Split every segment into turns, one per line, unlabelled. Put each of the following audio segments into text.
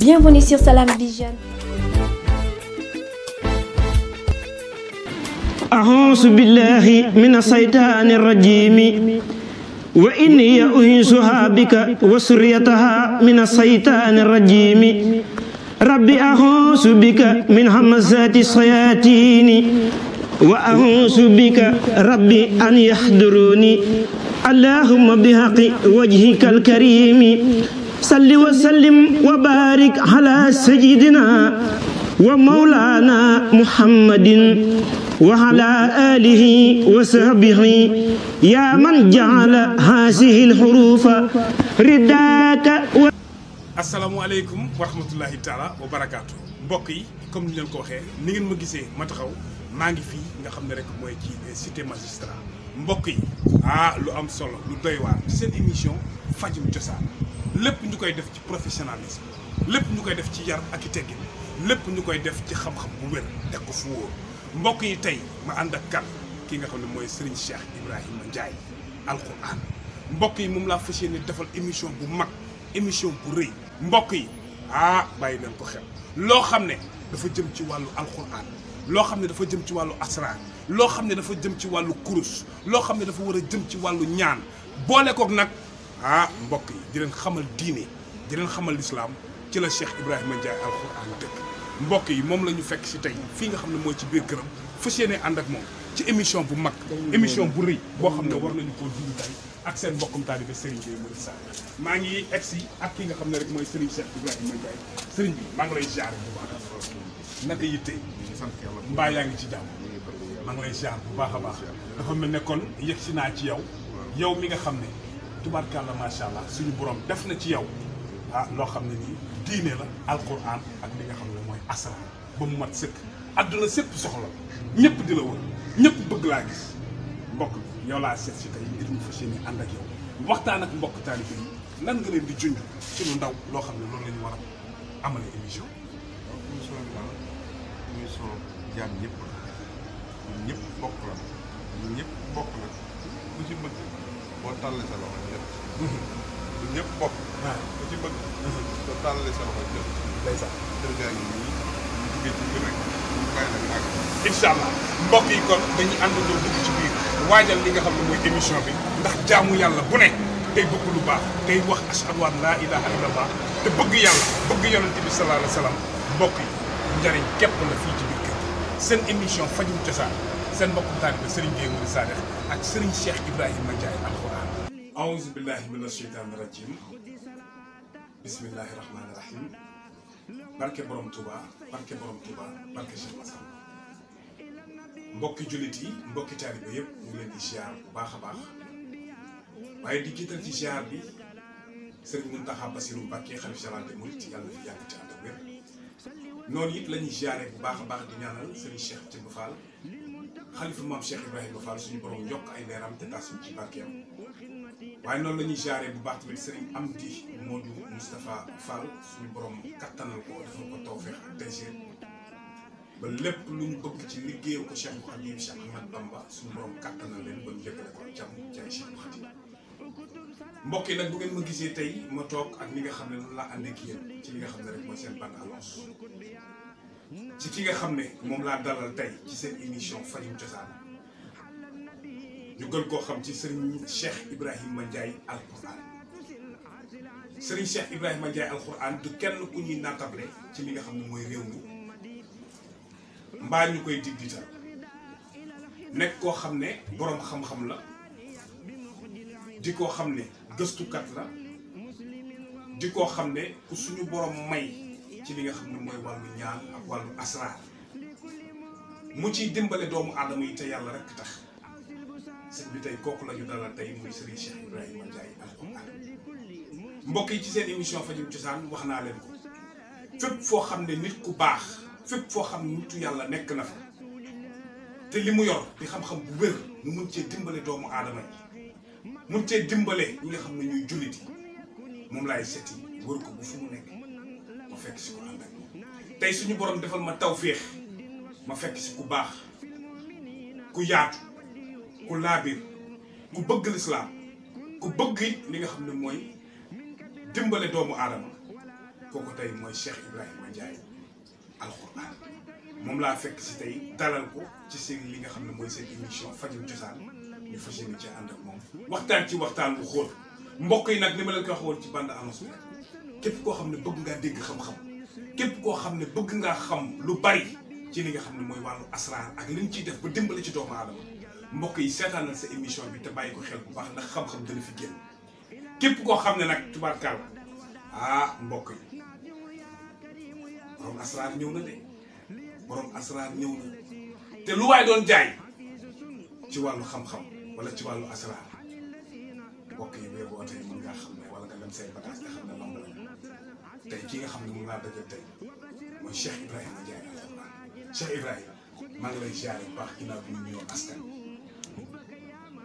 Bienvenue sur Salam Vision. أعوذ بالله من الشيطان الرجيم وإني أعيذها بك وسريتها من الشيطان الرجيم ربي أعوذ بك من همزات الشياطين وأعوذ بك ربي أن يحضروني اللهم بحق وجهك الكريم salli wa sallim wa barik ala sayyidina wa mawlana muhammadin wa ala alihi wa sahbihi ya man ja'ala haasihi al-hurufa ridaaka wa
assalaamu aleykum wa rahmatullahi taala wa barakaatu mbokk yi comme ni leen ko waxee ni ngeen ma gisee ma taxaw maa ngi fii nga xam ne rek mooy ci cité magistrat mbokk yi ah lu am solo lu doy waar seen émission fajum cosaan lépp ñu koy def ci professionnalisme lépp ñu koy def ci yar ak i teggin lépp ñu koy def ci xam-xam bu wér teg ko fu wóor mbokk yi tey ma ànd ak kan kii nga xam ne mooy Serigne Cheikh Ibrahima Ndiaye alquran mbokk yi moom laa fas yéene defal émission bu mag émission bu rëy mbokk yi ah bàyyi leen ko xel loo xam ne dafa jëm ci wàllu alquran loo xam ne dafa jëm ci wàllu asrar loo xam ne dafa jëm ci wàllu kurus loo xam ne dafa war a jëm ci wàllu ñaan boole kook nag ah mbokk yi di leen xamal diini di leen xamal lislaam ci la Cheikh Ibrahima Ndiaye alxuraan dëkk mbokk yi moom la ñu fekk si tey fii nga xam ne mooy ci biir këram fas yéene ànd ak moom ci émission bu mag émission bu rëy boo xam ne war nañu koo dund tey ak seen mbokkum taalibe Serigne Gueye maa ngi egg si ak ki nga xam ne rek mooy Serigne Cheikh Ibrahima Ndiaye Serigne bi maa ngi lay ziar bu baax naka yitte mbaa yaa ngi ci jàmm maa ngi bu baax a baax dafa mel ne kon si naa ci yow yow mi nga xam ne tubaarkàlla macha allah suñu boroom def na ci yow ah loo xam ne nii diine la alquran ak li nga xam ne mooy asra ba mu mat sëkk adduna sëpp soxla ñëpp di la wër ñëpp bëgg laa gis mbokk bi yow laa seet si tey ngir mu fas yow waxtaan ak mbokk taalibe yi lan ndaw loo xam ne loolu la ñu war a émission. waaw émission bi daal la ñun ñëpp bokk la la ku boo tàllee sa loxo ñëpp bopp ah. ku ci bëgg soo tàllee sa loxo allah mbokk yi kon dañuy àndandoo dugg ci biir waajal li nga xam ne mooy émission bi ndax jaamu yàlla bu ne tey bëgg lu baax tey wax ashhadu an laa ilaha illallah te bëgg yàlla bëgg yonent bi sallallahu alayhi wa yi njariñ képp la fii ci biir kër seen émission fajum cosaan seen mbokku taalibe Serigne Gueye Mouride Sadikh ak Serigne Cheikh Ibrahima Ndiaye alxuraan أعوذ بالله من الشيطان الرجيم بسم الله الرحمن الرحيم borom Touba barke borom Touba barke Cheikh Massam mbokki jullit yi mbokki taalibe yëpp ñu ngi leen di bu baax a baax waaye di jiital ci ziar bi Serigne Mountakha Bassirou Mbacké xalif général des mourides yàlla na fi yàgg ci ànd ak noonu it la ñuy bu baax a baax di ñaanal Serigne Cheikh Thiamou Fall xalifu maam Cheikh Ibrahima Fall suñu borom yokk ay leeram te taas ci barkeem. waaye noonu la ñuy jaaree bu baax tamit Serigne moo Modou Moustapha Fall suñu borom kattanal ko defal ko tawfeex ak tayseer ba lépp lu ñu bëgg ci liggéeyu ko Cheikh Khadim Cheikh Ahmad Bamba suñu borom kattanal leen ba ñu jëkkale ko jàmm ci ay Cheikh Khadim mbokk yi nag bu ngeen ma gisee tey ma toog ak li nga xam ne noonu laa ànd ak yéen ci li nga xam ne rek mooy seen bande annonce ci ki nga xam ne moom laa dalal tey ci seen émission fajum cosaan ñu gën koo xam ci sëriñ Cheikh Ibrahima Ndiaye alquran sëriñ Ibrahima Ndiaye alquran kenn ku ñuy ci li nga xam ne mooy réew mi mbaa ñu koy diggital nekk koo xam ne boroom xam-xam la di koo xam ne gëstukat la di koo xam ne ku suñu boroom may ci li nga xam ne mooy wàllu ñaan ak wàllu asraar mu ciy dimbale doomu aadama yi te yàlla rekk tax sëñ bi tey kooku la ñu dalal tey muy Serigne Cheikh Ibrahima Ndiaye mbokk yi ci seen émission fajum cosaan wax naa leen ko fépp foo xam ne nit ku baax fépp foo xam ne nitu yàlla nekk na fa te li mu yor di xam-xam bu wér mu mun cee dimbale doomu aadama yi mun cee dimbale ñi nga xam ne ñuy jullit yi moom laay seeti wër ko bu fu mu nekk ma fekk si ko ànd ak tey suñu borom defal ma tawféex ma fekk si ku baax ku yaatu. ku laabir ku bëgg lislaam ku bëgg li nga xam ne mooy dimbale doomu aadama kooku tey mooy Cheikh Ibrahima Ndiaye alxuraan moom laa fekk si tey dalal ko ci seen li nga xam ne mooy seen émission fajum cosaan ñu fas yéene ci ànd ak moom waxtaan ci waxtaan bu xóot mbokk yi nag ni ma leen ko waxoon ci bande annonce bi képp koo xam ne bëgg ngaa xam képp koo xam ne bëgg ngaa xam lu bari ci li nga xam ne mooy wàllu asraar ak li ñu ciy def ba dimbale ci doomu aadama mbokk yi seetaanal sa émission bi te bàyyi ko xel bu baax ndax xam-xam dana fi génn képp koo xam ne nag tubaarkaal ah mbokk yi ñëw na ñëw na te doon jaay ci wàllu xam wala ci wàllu asraar mbokk yi bee boo tey mën ngaa xam ne wala nga lem say bagage nga xam ne lamb lañu tey ki nga xam ne mën naa dëgg tey mooy Cheikh Ibrahima Ndiaye alhamdulilah Cheikh Ibrahima maa ngi lay ziare bu baax ginnaaw bi ñu ñëw askan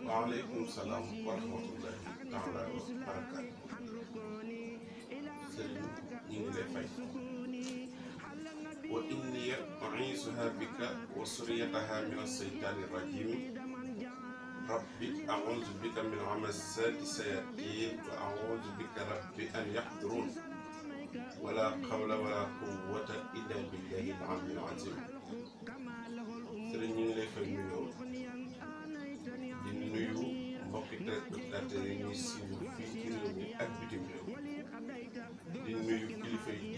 waaleykum salaam wa rahmatullahi taala wa
barakaatu
sëriñ ñu ngi lay fay wa inniya u'iizuha bika wa suriyataha min asseytaani rajim rabbi a'uuzu bika min hamazaati sayaatiin wa a'uuzu bika rabbi an yaxduruun wala xawla wala quwwata illa billahi al-aliyyil aziim sëriñ ñu ngi lay fay nuyoo nuyu mbokki téléspectateurs yi ñuy suivre fii ci réew mi ak bitim réew di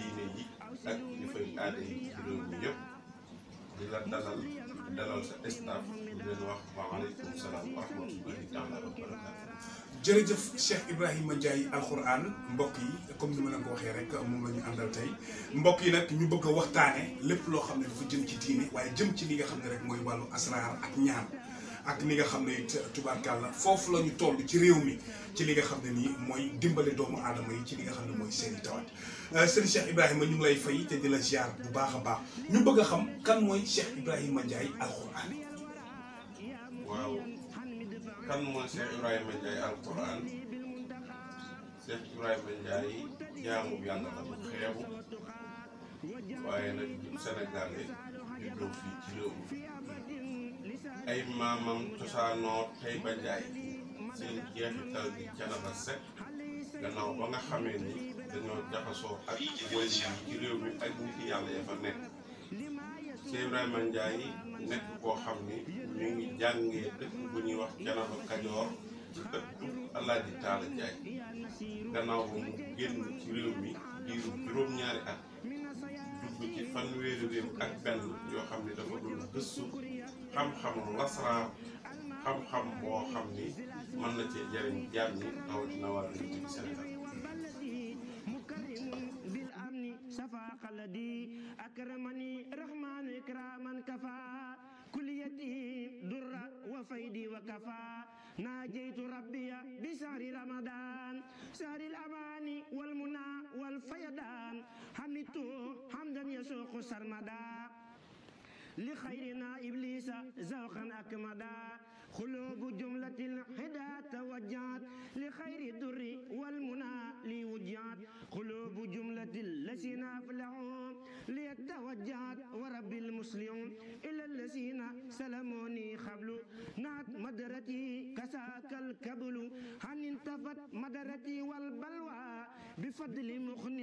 yi ak alxuraan mbokk yi comme ni ma leen ko waxee rek moom la ñu àndal tey mbokk yi nag ñu bëgg a waxtaane lépp loo xam ne dafa jëm ci diine waaye jëm ci li nga xam ne rek mooy wàllu asraar ak ñaan ak li nga xam ne it la foofu la ñu toll ci réew mi ci li nga xam ne nii mooy dimbale doomu aadama yi ci li nga xam ne mooy seen i tawat euh, sëriñ Cheikh Ibrahima ñu ngi lay fay te di la ziar bu baax a baax ñu bëgg a xam kan mooy Cheikh Ibrahima Ndiaye alquran. waaw kan mooy Cheikh Ibrahima Ndiaye alquran Cheikh Ibrahima Ndiaye jaamu yàlla la bu xeebu waaye nag ñun Sénégal ñu doon fii ci réew mi. ay maamam cosaanoo tey ba njaay seen jeexital di canaba set gannaaw ba nga xamee ni dañoo jaxasoo ak wëy yi ci réew mi ak nit yàlla ya fa nekk Cheikh Ibrahima nekk koo xam ni ñu ngi jàngee dëkk bu ñuy wax canaba kajoor ci ëttu Alaaji Taala Njaay gannaaw ba mu génn ci réew mi diiru juróom-ñaari at dugg ci fanweeri réew ak benn yoo xam ne dafa doon gëstu xam-xamul lasraar xam-xam boo xam ni mën na cee jëriñ jaam ñi rawatina waa réew
mi Sénégal ناجيت ربي بشهر رمضان شهر الأمان والمنى والفيضان حمدت حمدا يسوق سرمدا li xayrina iblisa zawqan akmada xulubu jumlatil hida tawajjahat li xayri durri wal muna li wujjahat xulubu jumlatil lasina aflaxu li tawajjahat wa rabbil muslimun ila lasina salamuni xablu naat madarati kasaakal kablu han intafat madarati wal balwa bi fadli muxni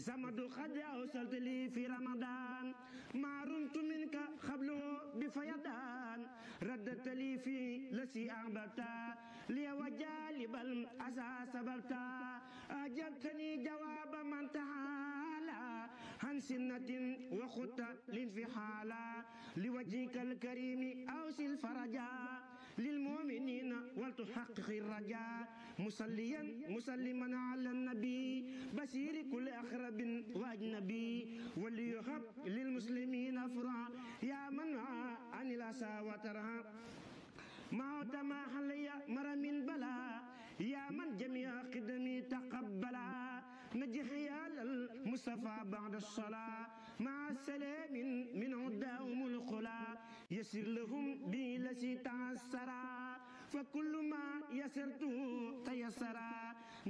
سمد الخد أوصلت لي في رمضان ما رمت منك قبل بفيضان رددت لي في لسي أعبتا لي وجالب الأسى سببتا أجبتني جواب من تعالى عن سنة وخدت لانفحالا لوجهك الكريم أوصل فرجا للمؤمنين ولتحقق الرجاء مصليا مسلما على النبي بشير كل أخرب وأجنبي وليحب للمسلمين أفرع يا من عن الأسى وترهب ما تما حلي مر من بلا يا من جميع قدمي تقبلا نجح يا المصطفى بعد الصلاة مع السلام من عداهم الخلا يسر لهم بي لسي تعسرا fa kullu ma yasartu tayassara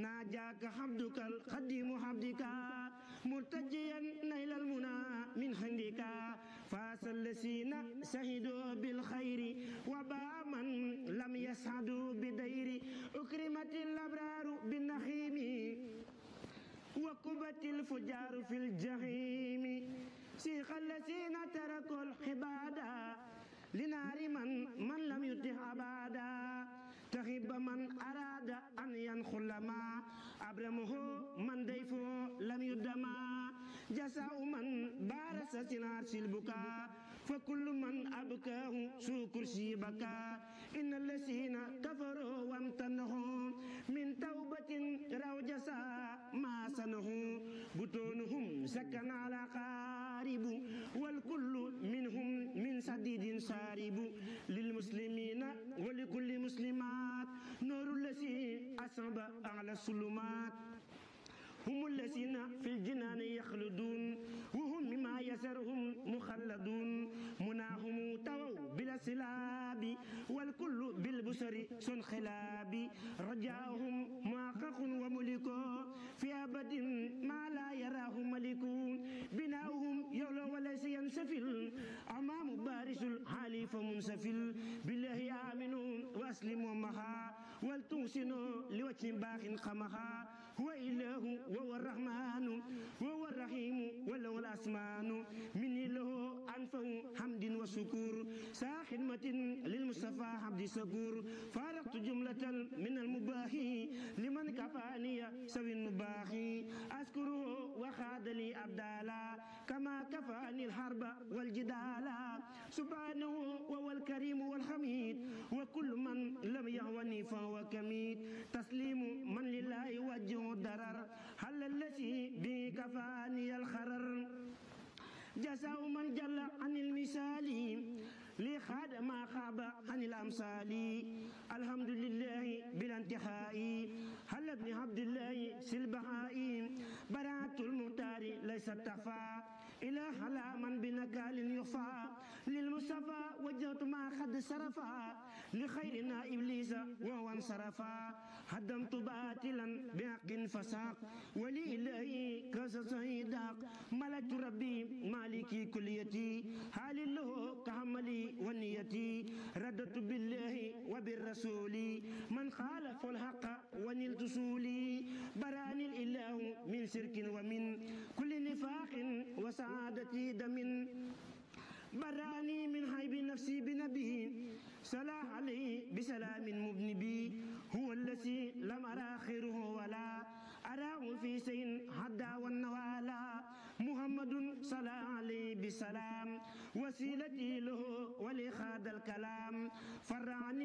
najaaka habduka alqadimu habdika murtajiyan naylal muna min handika fasallasina sahidu bil khayri wa ba man lam yasadu bi dayri ukrimatil abraru bin nakhimi wa kubatil fujaru fil jahimi si khallasina tarakul ibada لنار من من لم يطه أبدا تغيب من أراد أن ينخل ما أبرمه من ضيف لم يدما جزاء من بارس سنار البكاء fa kullu man abkaahu su kursi baka inna lasina kafaru wamtanahu min tawbatin raw jasa ma sanahu butunuhum sakan ala qaribu wal kullu minhum min sadidin saribu lil muslimina wa li kulli muslimat nuru lasi asaba ala sulumat هم الذين في الجنان يخلدون وهم مما يسرهم مخلدون مناهم تووا بلا سلاب والكل بالبسر سنخلاب رجاهم محقق وملك في أبد ما لا يراه ملك بناؤهم يولى وليس ينسفل أمام بارس الحالي فمنسفل بالله آمنوا وأسلموا مها ولتحسنوا لوجه باخ خمها وإله وهو الرحمن وهو الرحيم وله الأسمان مني له أنفه حمد وشكور ساحدمة للمصطفى حمد سكور فارقت جملة من المباهي لمن كفاني سوي النباخي أذكره وخاد لي أبدالا كما كفاني الحرب والجدال سبحانه وهو الكريم والحميد وكل من لم يهوني فهو كميد تسليم من لله وجه الضرر على الذي بي كفاني الخرر جزاء من جل عن المثال لخاد ما خاب عن الأمثال الحمد لله بلا انتهاء هل ابن عبد الله سلبهائي براءة المختار ليست تفاء إلى خلا من بنكال يخفى للمصطفى وجهت ما قد سرفا لخيرنا إبليس وهو انصرفا هدمت باطلا بحق فساق ولي إلهي كسس داق ملكت ربي مالكي كليتي حال له كعملي ونيتي ردت بالله وبالرسول من خالف الحق ونلت سولي براني الإله من شرك ومن كل نفاق وسعر سعادتي دم براني من حيب نفسي بنبي صلاح عليه بسلام مبنبي هو الذي لم أرى خيره ولا أراه في سين حدا والنوالا محمد صلى عليه بسلام وسيلتي له ولخاد الكلام فرعني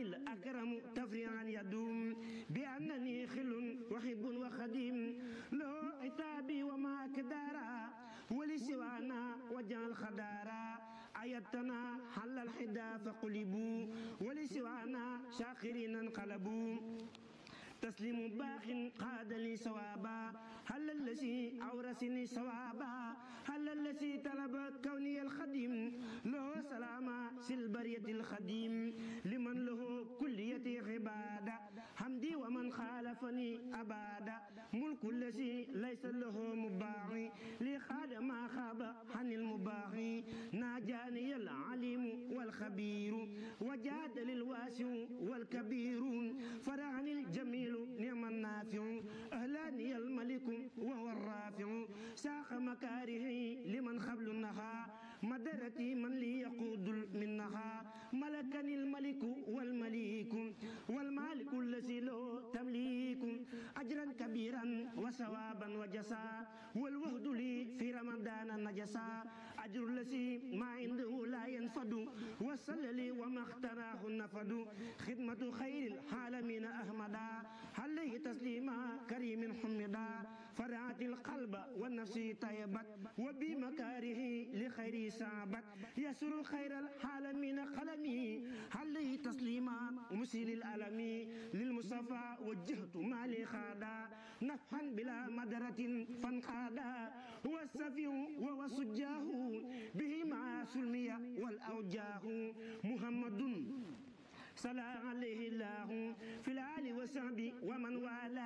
صلى عليه الله في العالي وصحبه ومن والاه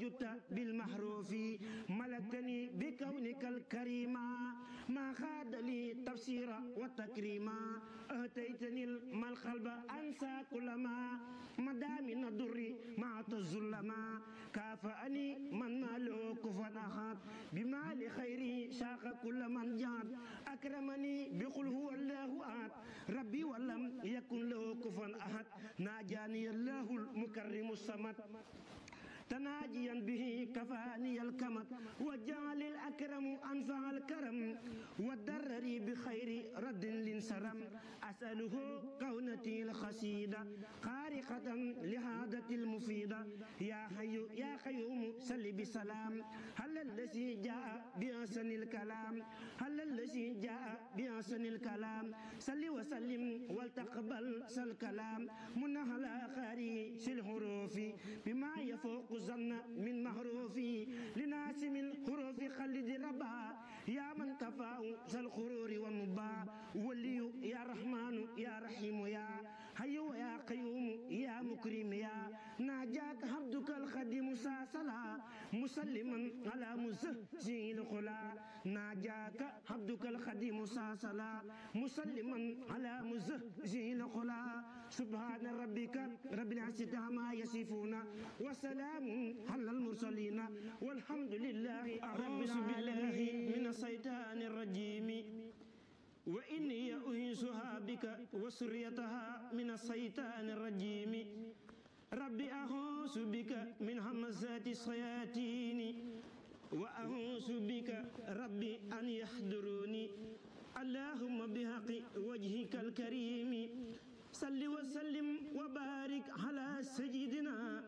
وجدت بالمحروف ملكني بكونك الكريما ما خاد لي تفسيرا وتكريما أتيتني القلب أنسى كلما مدى من الضر مع الظلما كافأني من ماله كفا أحد بما لخيري شاق كل من جاد أكرمني بقل هو الله أحد ربي ولم يكن له كفا أحد ناجاني الله المكرم الصمد تناجيا به كفاني الكمك وجعل الأكرم أنفع الكرم ودرري بخير رد لنسرم أسأله كونتي الخسيدة خارقة لهادة المفيدة يا حي يا خيوم سل بسلام هل الذي جاء بأحسن الكلام هل الذي جاء بأحسن الكلام سل وسلم ولتقبل سل كلام منهلا خاري الحروف بما يفوق الظن من محروفي لناس من حروف خلد ربا يا من كفاه ذا الغرور والنبا ولي يا رحمن يا رحيم يا حيو يا قيوم يا مكرم يا ناجاك عبدك الخديم ساسلا مسلما على مزهزه الخلا ناجاك عبدك الخديم ساسلا مسلما على مزهزه الخلا سبحان ربك رب العزة عما يصفون وسلام على المرسلين والحمد لله رب العالمين من الشيطان الرجيم wa inni uhinsuha bika wa suriyataha min asaytaani rajiimi rabbi ahuusu bika min hamazaati sayaatiini wa ahuusu bika rabbi an yahduruuni allahumma bihaqi wajhika alkarimi salli wa sallim wa baarik ala sayyidina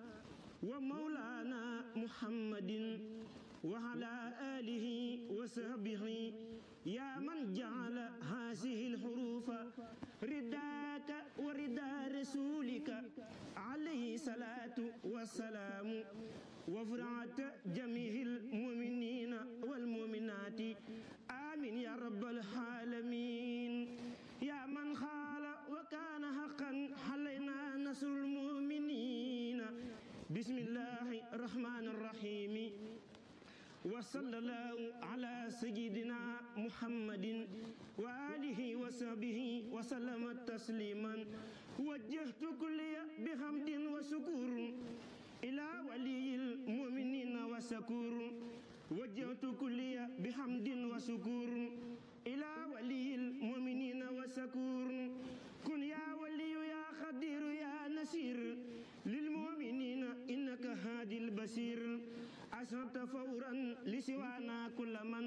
wa mawlaana muhammadin وعلى آله وصحبه يا من جعل هذه الحروف رداك وردا رسولك عليه الصلاة والسلام وفرعت جميع المؤمنين والمؤمنات آمين يا رب العالمين يا من خال وكان حقا علينا نصر المؤمنين بسم الله الرحمن الرحيم وصلى الله على سيدنا محمد وآله وصحبه وسلم تسليما وجهت كلي بحمد وشكر إلى ولي المؤمنين وشكور وجهت كلي بحمد وشكر إلى ولي المؤمنين وشكور كن يا ولي يا خدير يا نسير للمؤمنين إنك هادي البشير أشرت فورا لسوانا كل من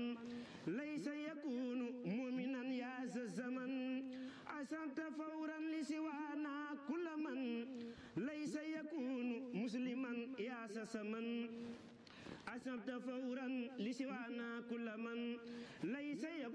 ليس يكون مؤمنا يا ذا الزمن أشرت فورا لسوانا كل من ليس يكون مسلما يا ذا الزمن أشرت فورا لسوانا كل من ليس يكون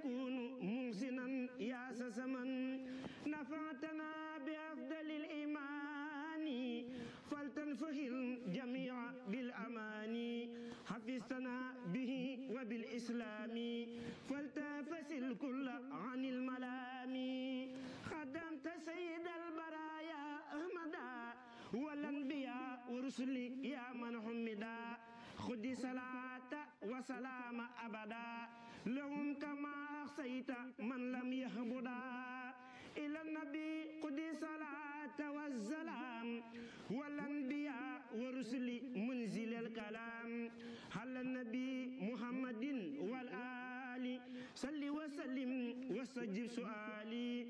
وجب سؤالي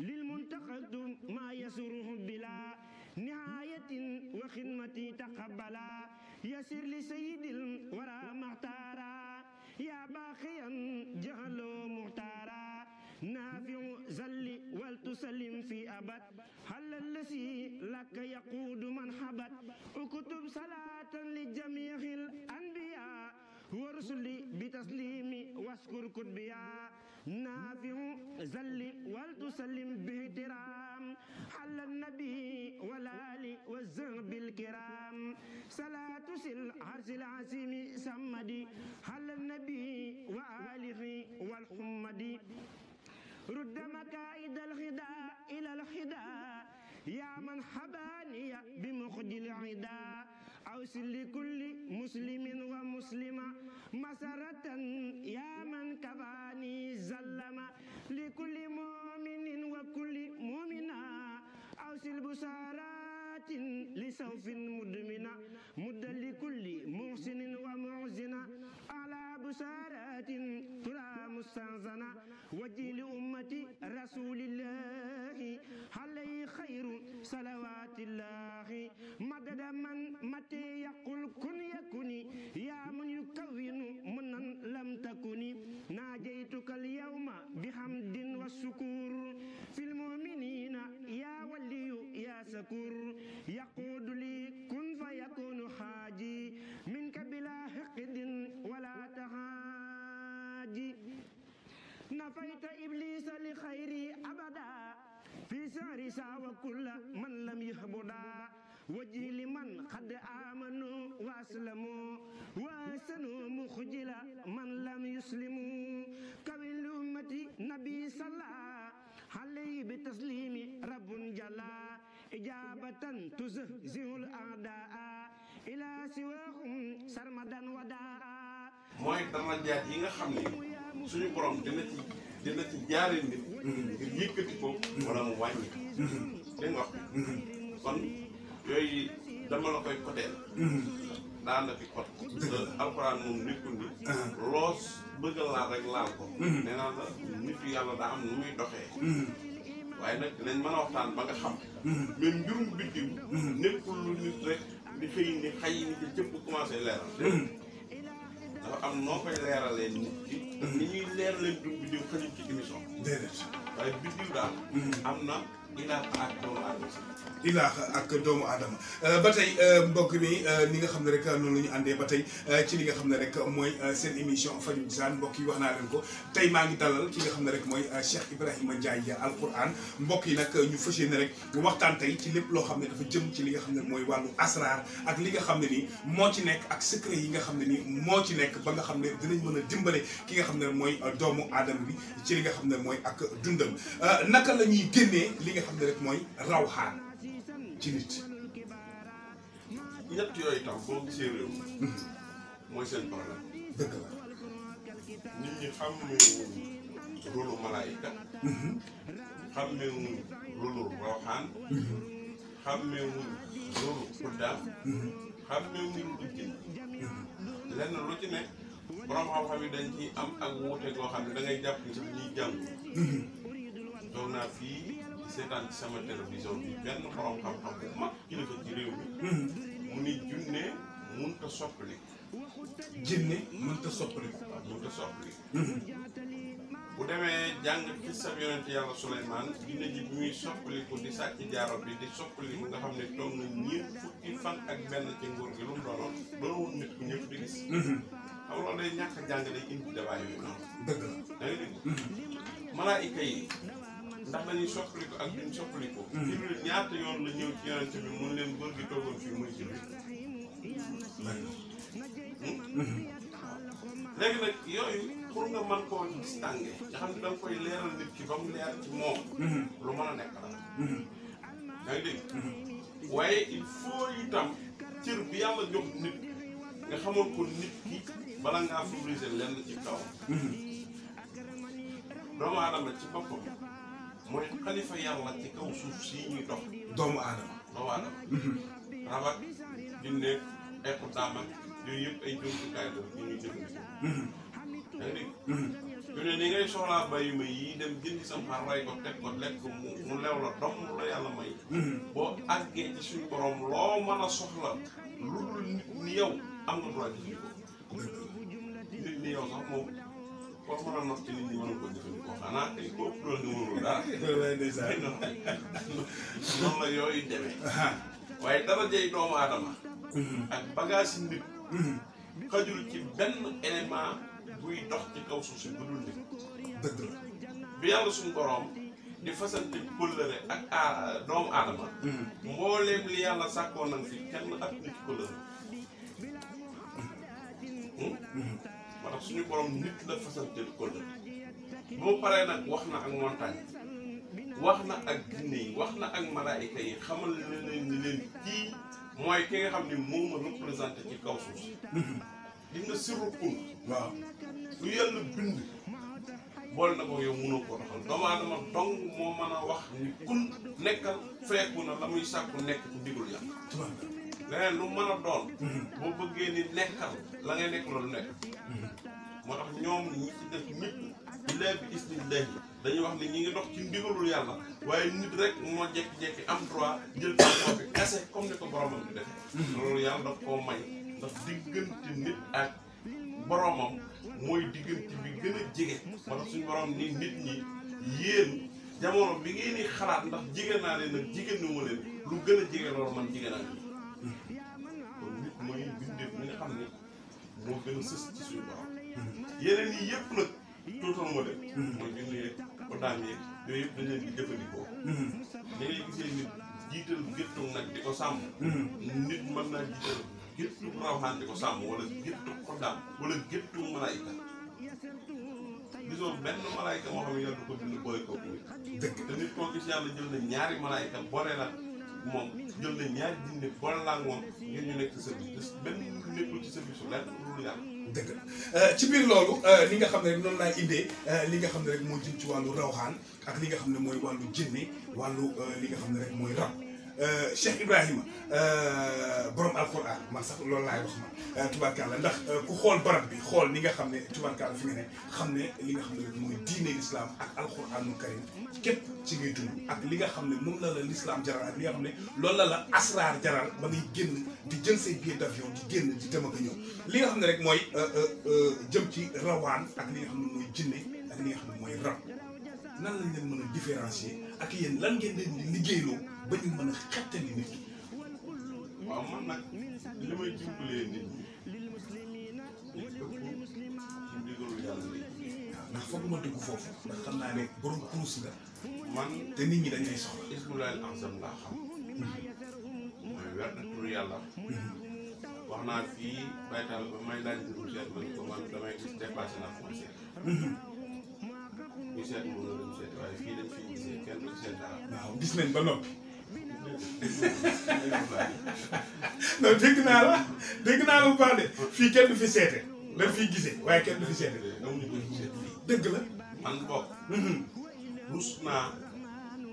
للمنتقد ما يسره بلا نهاية وخدمتي تقبلا يسر لسيد الورى مختارا يا باقيا جهل مختارا نافع زل ولتسلم في أبد هل الذي لك يقود من حبت اكتب صلاة لجميع الأنبياء ورسل بتسليم واشكر كتبيا مسرة عيسى وكل من لم يهبدا وجه لمن قد آمنوا وأسلموا وأسنوا مخجل من لم يسلموا كوي الأمة نبي صلى عليه بتسليم رب جلا إجابة تزهزه الأعداء إلى سواهم سرمدا وداء
mooy darajaat yi nga xam ne suñu borom dina ci dina ci jaare nit ngir yëkkati ko wala mu wàññi dégg nga wax mhm. kon yooyu dama la koy coteel mhm.
daanaka cot mhm. alxuraan moom nekkul ni loos bëgg laal rek laal ko nee naa la nit yàlla daa am nu
muy doxee waaye nag dinañ mën a waxtaan ba nga xam mais mbirum biddiw nekkul lu nit rek di xëy ni xay ni ci cëpp commencé leeral dafa am noo koy leeralee nit ki ni ñuy leeralee mbirum biddiw xajul ci émission déedéet waaye biddiw daal am na ilaaxa ak doomu aadama ba tey mbokk mi ni nga xam ne rek loolu la ñu àndee ba tey ci li nga xam ne rek mooy seen émission fajum cosaan mbokk yi wax naa leen ko tey maa ngi dalal ki nga xam ne rek mooy Cheikh Ibrahima Ndiaye alquran mbokk yi nag ñu fas yéene rek waxtaan ci lépp loo xam ne dafa jëm ci li nga xam ne mooy wàllu asraar ak li nga xam ne nii moo ci nekk ak secret yi nga xam ne nii moo ci nekk ba nga xam ne dinañ mën a dimbale ki nga xam ne mooy doomu aadama bi ci li nga xam ne mooy ak dundam naka la ñuy génnee nga xam ne rek mooy rawxaan ci nit. ñett yooyu tax boo gisee réew. Mhm. mooy seen problème. dëgg la nit ñi xam ne loolu malaayika. xam ne loolu rawxaan. xam ne loolu kuddaam. xam ne loolu jinn. Mhm. lenn lu ci ne borom xam-xam yi dañ ciy am ak wuute goo xam ne da jàpp ni jàng. Mhm. toog naa fii. seetaan ci sama télévision bi benn borom xam-xam bu mag kilifa ci réew mi. mu ni junne mënut a soppali. jinne mënut a soppali. waaw mënut a soppali. bu demee jàng ci sa yonent yàlla Souleymane dina ji bi muy soppaliku di sàcc jaaro bi di soppaliku nga xam ne toog na ñeent fukki fan ak benn ci nguur gi lu mu doonoon doonul nit ku ñëpp di gis. xam loolu day ñàkk a jàng day indi débat yooyu noonu. dëgg la yi. ndax dañuy soppaliku ak duñ soppaliku. Jibril mm. ñaata yoon la ñëw ci yonent bi mun leen góor gi toogoon fii muy Jibril. Mm. léegi nag yooyu pour nga mën koo distinguer nga xam ne da nga koy leeral nit ki ba mu leer ci moom. Mm-hmm. lu mën a nekk la. Mm-hmm. yaa ngi dégg. Mm-hmm. waaye il faut itam cër bi yàlla jox nit nga xamal ko nit ki bala ngaa favoriser lenn ci kaw. doomu aadama ci boppam. mooy xalifa yàlla ci kaw suuf sii ñuy dox. doomu aadama. doomu aadama. Mhm. rabat dinañ nekk daama yooyu yëpp ay jumtukaay la ñu ñuy jëfandikoo. Mhm. ngi dégg. Mhm. ñu ne ni bàyyi ma yi dem jëndi sam xar ray ko teg ko lekk mu mu lew la dong la yàlla may. boo àggee ci suñu borom loo mën a soxla lu dul nit ni yow am na droit jëfandikoo. nit ni yow sax moom. koo mën a nox ci nit ñi mën a ko xanaa tey
koo loolu nga mënul daal. noonu la
yooyu demee. waaye dara jey doomu aadama. Mhm. ak bagage yi nit. Mhm. ci benn élément buy dox ci kaw suuf si budul nit. dëgg la bi yàlla suñu boroom di fasante kóllëre ak a doomu aadama. Mhm. mbooleem li yàlla sàkkoon nañ fi kenn ak nit kóllëre. Hmm? ndax suñu borom nit la fasante kóllëre boo paree nag wax na ak montagne wax na ak jinne yi wax na ak malaayika yi xamal leen ni leen kii mooy ki nga xam ne moom a représenté ci kaw suuf si gis nga sirru kun waaw lu yàlla bind boole na ko yow mënoo ko doxal doomu aadama dong moo mën a wax ni kun nekkal feeku na la muy sàkku nekk ci ndigul yàlla leneen lu mën a doon mm-hmm. boo bëggee ni nekkal la ngay nekk loolu nekk
mm-hmm.
moo tax ñoom ñi ci def ñëpp ñu leer bi isnillahi dañuy wax ne ñi ngi dox ci ndigalul yàlla waaye nit rek moo jekki-jekki am droit jël tamoo ko boromam di defee hmm. loolu yàlla daf koo may ndax diggante nit ak boromam mooy diggante bi gën a jege moo tax suñu borom ni nit ñi yéen jamono bi ngeen di xalaat ndax jigéen naa leen nag jigéen ñu ma leen lu gën a jege loolu man jigéen naa leen hmm. nit mooy bindeef mi nga xam ne moo gën a sës ci suñu borom yeneen yi yëpp nag tuutal moo dem mooy junni yeeg otaam yeeg yooyu yëpp dañ leen di jëfandikoo da ngay gisee nit jiital géttu nag di ko sàmm nit mën naa jiital géttu rawxaan di ko sàmm wala géttu xoddaam wala géttu malaayika gisoo benn malaayika moo xam ne yàlla du ko bind boole ko dëgg te nit koo gis yàlla jël na ñaari malaayika boole la moom jël na ñaari jinne boole la ak moom ngeen ñu nekk ci service benn nekkul ci service su lu yàlla euh, ci biir loolu euh, li nga xam ne rek noonu laay indee euh, li nga xam ne rek moo jëm ci wàllu rawxaan ak li nga xam ne mooy wàllu jinne wàllu li nga xam ne rek mooy rab Cheikh Ibrahima borom alquran man sax loolu laay wax ma la ndax ku xool barab bi xool li nga xam ne tubarkalla fi nga ne xam ne li nga xam ne mooy diine lislaam ak alquranul karim képp ci ngay dund ak li nga xam ne moom la la lislaam jaral ak li nga xam ne loolu la la asraar jaral ba ngay génn di jël say billet d'avion di génn di dem ak a ñëw li nga xam ne rek mooy euh, euh, euh, jëm ci rawaan ak li nga xam ne mooy jinne ak li nga xam ne mooy rab nan lañ leen mën a différencier ak yéen lan geen leen di liggéeyloo ba ñu mën a xettali nit ki waaw man nag li may jimbalee nit ñi ndax foog ma dugg foofu ndax xam naa ne borom kurus nga man te nit ñi dañ lay xam hmm. mooy weer na tur yàlla hmm. wax naa fii baytal ba may laaj di seet man gis dépassé naa fu ma seet. ñu seet waaw gis nañ ba noppi. non dégg naa la dégg naa la bu fii kenn fi seete dañ fiy gisee waaye kenn fi seete. Eh, amuñu ko fi seet fii. dëgg la man bokk. Mhm. rus naa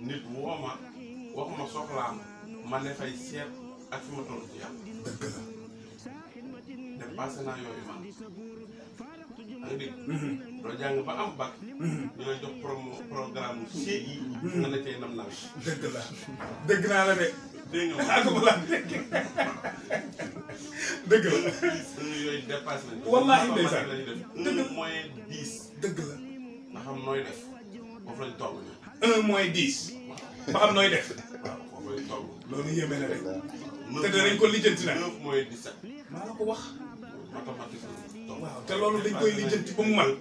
nit woo ma wax ma soxlaam ma ne fay seet ak fi ma toll ci dëgg la. passé naa yooyu man nga dégg. Mhm. doo jàng ba am bac. Mhm. ñu lay jox programme mu CI. nga ne cay nam naa dëgg la dëgg naa la de. dégg nga waaw dëgg la dëgg la. yooyu dépassé nañu. wallaahi ndeysaan la ñuy def un moyen dix. dëgg la nga xam nooy def foofu lañ toll. un moyen ba xam nooy def. waaw foofu lañ loolu yéeme na rek. te danañ ko lijjanti nag. neuf moyen dix-sept. maa ko wax. te loolu dañ koy lijjanti ba mu mal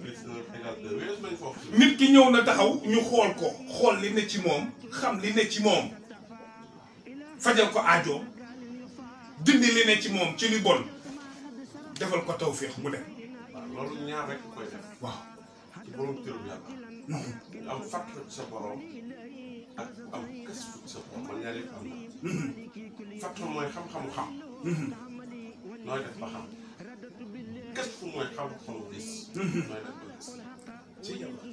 nit ki ñëw na taxaw ñu xool ko xool li ne ci moom xam li ne ci moom fajal ko aajo dindi li ne ci moom ci li bon defal ko tawféex mu dem. waaw loolu ñaar rek koy def. waaw ci borom tëru yàlla. am mm-hmm. mooy xam-xamu mm-hmm. xam. nooy xam. gëstu mooy xam-xamu gis. nooy def ba gis ci yàlla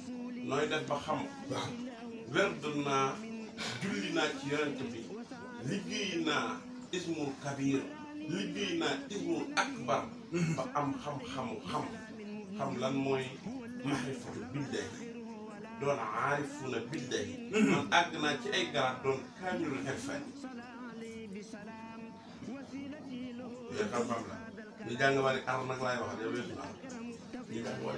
nooy def ba xam. waaw werd naa julli naa ci yonent bi liggéey naa ismul kabir liggéey naa ismul akbar ba am xam-xamu xam xam lan mooy mahrifatu billahi doon aarifuna billahi man àgg naa ci ay garab doon kaamilul irfaan
yi xam-xam la
ñu jàng ma ne nag laay wax yow weesu na ñu jàng ma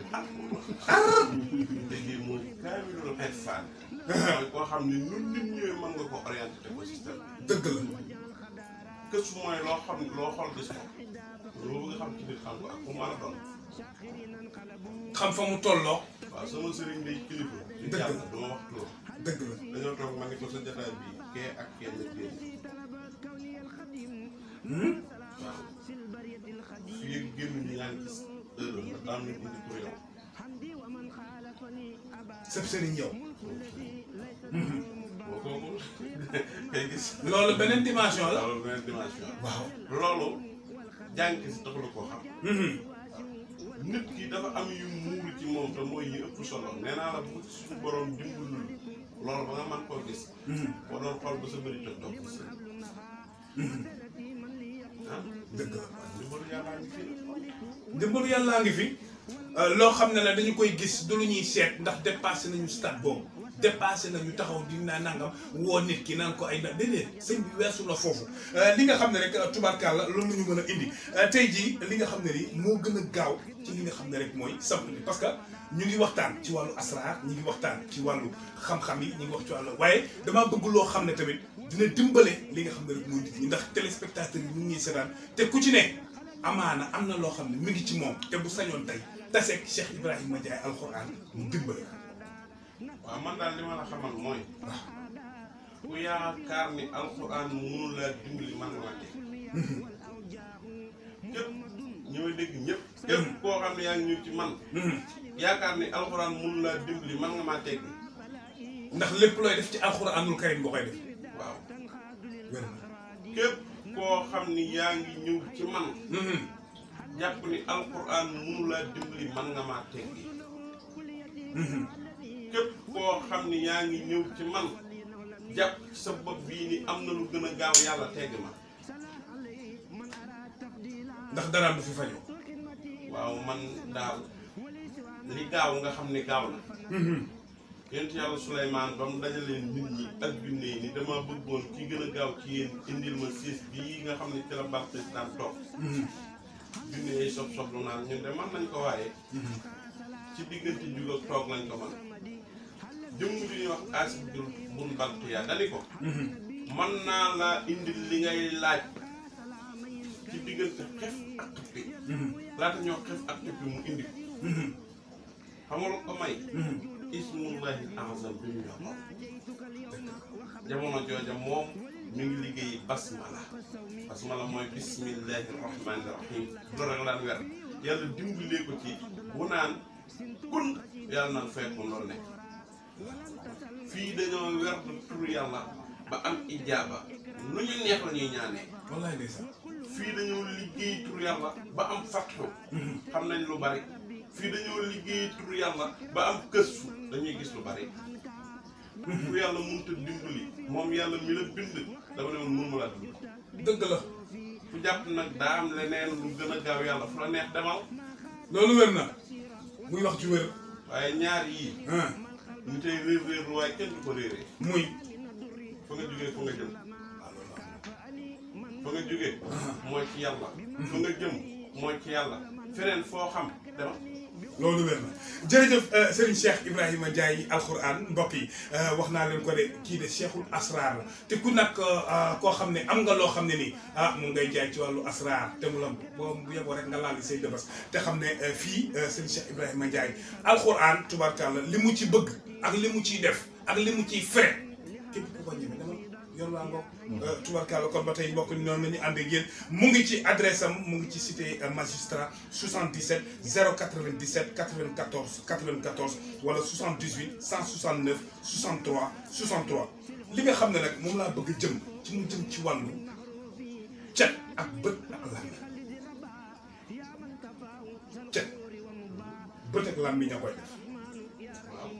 koo xam ne ñun nit ñooy mën nga ko orienté te ko système dëgg la kësu mooy loo xam ne loo xool gis ko loo bëgg xam ci xam ko ak ku mën a doon xam fa mu tolloo waaw sama sëriñ day kilifa ci dëgg la dañoo toog ma ngi toog sa jataay bi kee ak kenn génn hmm? waaw fii génn ñi yaa ngi gis dëgg la daan nañ ko pour yow. sëb sëriñ yow. boo ko kay loolu beneen dimension la loolu beneen dimension la. loolu jàng si dafa xam. Mhm. nit ki dafa am yu muur ci moom te mooy yi ëpp solo nee naa la bu suñu borom dimbalul loolu ba nga mën koo gis. Mhm. boo doon ba sa bëri jot doo ko ndimbalu yàllaa ngi fi euh, loo xam ne la dañu koy gis du lu ñuy seet ndax dépassé nañu stade boobu dépassé nañu taxaw di naa nangam woo nit ki naan ko ay na déedéet sëñ bi weesu la foofu euh, li nga xam ne rek euh, tubaarkàlla loolu la ñu mën a indi tey jii li nga xam ne nii moo gën a gaaw ci li nga xam ne rek mooy samp ni parce que ñu ngi waxtaan ci wàllu asraar ñu ngi waxtaan ci wàllu xam-xam yi ñu ngi wax ci wàllu waaye damaa bëgg loo xam ne tamit dina dimbale li nga xam ne rek mooy nit ñi ndax téléspectateur yi ñu ngi seetaan te ku ci ne amaana am na loo xam ne mi ngi ci moom te bu sañoon tey taseeg Cheikh Ibrahima Ndiaye alxuraan mu dimbale man daal li ma la xamal mooy ku yaakaar ni alxuraan mënu laa dimbali man ñu ci man yaakaar ni alxuraan mënu laa dimbali man nga maa tegg ndax lépp looy def ci alxuraanul karim boo koy def Mhm. Mhm. képp koo xam ni yaa ngi ñëw ci man jàpp ni alquran mënu laa dimbali man nga maa teggi képp koo xam ne yaa ngi ñëw ci man jàpp sa bopp bii ni am na lu gën a gaaw yàlla tegg ma ndax dara du fi fañoo waaw man daal li gaaw nga xam ne gaaw na mhm. yonent yàlla Souleymane ba mu dajalee nit ñi ak junne yi ni dama bëggoon ki gën a gaaw ci yéen indil ma siis yi nga xam ne ci la baax président toog mm-hmm. junne yi sob sob lu naan ñun man nañ ko waaye mm-hmm. ci diggante jug ak toog lañ ko man jëmm bi ñuy wax asi jul bun baltiya dani ko man mm-hmm. naa laa indil li ngay laaj ci diggante xef ak xippi laata ñoo xef ak xippi mu indi ko xamul ko may ismullahi azam bi ñu yor jamono jooja moom mi ngi liggéey basmala basmala mooy bismillahi rahmani rahim loolu rek daan wer yàlla dimbalee ko ci bu naan kun yàlla naan fekkun loolu nekk fii dañoo wer tur ba am ijaaba lu ñu neex ñuy ñaanee fii dañoo liggéey tur ba am fatxu mm-hmm. xam nañ lu bari fii dañoo liggéey tur yàlla ba am këstu dañuy gis lu bari. ku yàlla mënut a dimbali moom yàlla mi la bind dama ne woon mënuma laa dimbali. dëgg la. ku jàpp nag daa am leneen lu gën a gaaw yàlla fu la neex demal. loolu wér na. muy wax ci wér. waaye ñaar yii. ñu tey réer réer waaye kenn du ko réeree. muy. fa nga jógee fa nga jëm. fa nga jógee. mooy ci yàlla. fa nga jëm mooy ci yàlla. feneen foo xam demal. loolu wér na jërëjëf euh, Serigne Cheikh Ibrahima Ndiaye alxuraan mbokk yi euh, wax naa leen ko de kii de cheikhul asraar la te ku nag euh, koo xam ne am nga loo xam ne nii ah mu ngay jaay ci wàllu asraar te mu la boo yeboo rek nga laal say dëbës te xam ne fii Serigne Cheikh Ibrahima Ndiaye alxuraan tubarkàlla li mu ci bëgg ak li mu ciy def ak li mu ci fere yoon waa ngoog euh, tubarkalla kon ba tey mbokk noonu la ñu ànd ak yéen mu ngi ci adresse am mu ngi ci cité euh, magistrat 77 097 94 94 wala 78 169 63 63 li nga xam ne rek moom laa bëgg jëm ci mu jëm ci wàllu cet ak bët ak làmmiñ cet bët ak làmmiñ ña koy def waaw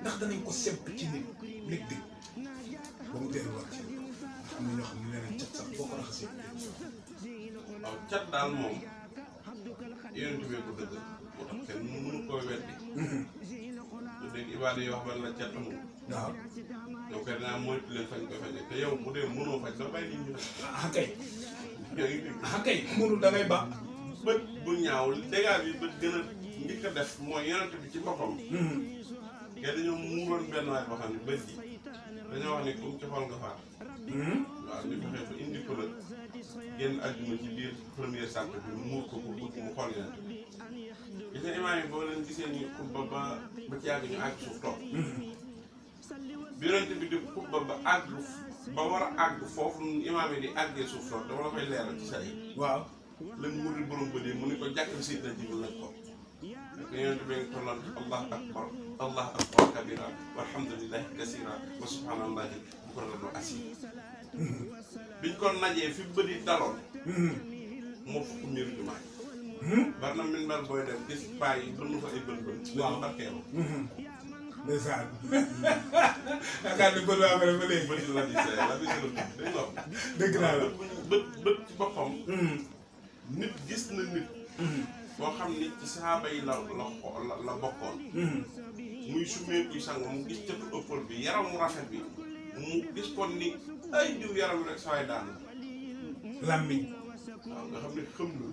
ndax danañ ko semp ci nit nit di ba mu delluwaat ci am na ñoo xam ne nee na cat sax boo ko raxasee waaw cat daal moom yonent bi ko dëgg moo tax kenn mënu ko weddi su dee ibaada yoo xam ne la cat amul waaw donc naa moytu leen kay ah kay ah, da ba bët bu ñaaw dégâts bi bët gën a njëkk a def mooy yonent bi ci boppam. Mm-hmm. kenn dañoo muuroon benn waay boo xam ne bët yi dañoo wax ni ku ci xool nga faat. waaw ñu fexe ba indi ko la génn ci biir première sànq bi mu muur ko pour bëgg mu xool leen. gis nga imaam yi boo leen gisee ni ba ba ci yàgg ñu àgg suuf toog. bi yonent bi di xutba ba àgg ba war a àgg foofu imaam yi di àggee suuf toog dama la koy leeral ci saa waaw lan murid borom ba dee mu ne ko jàkk si na jiw lañ ko. ne yonent bi ngi tolloon allah akbar allah akbar kabira walhamdulillahi kasira wa subhanallahi bukratan wa
asira biñ ko
najee fi bëri daloon moo fukk mbiru jumaa bar na min mel booy dem gis paa yi bënn fa ay bën bën waaw barkeelu ndeysaan yaakaar ni bët waa bare ba léegi bët la di see la di see la dëgg naa la bët bët ci boppam hmm. nit gis na nit hmm. boo xam ne ci saaba yi la la la bokkoon hmm. muy sumee kuy sang mu gis catu ëppal bi yaram mu rafet bi mu gis kon ni ay diw yaram rek saway daan làmmiñ waaw nga xam ne xam na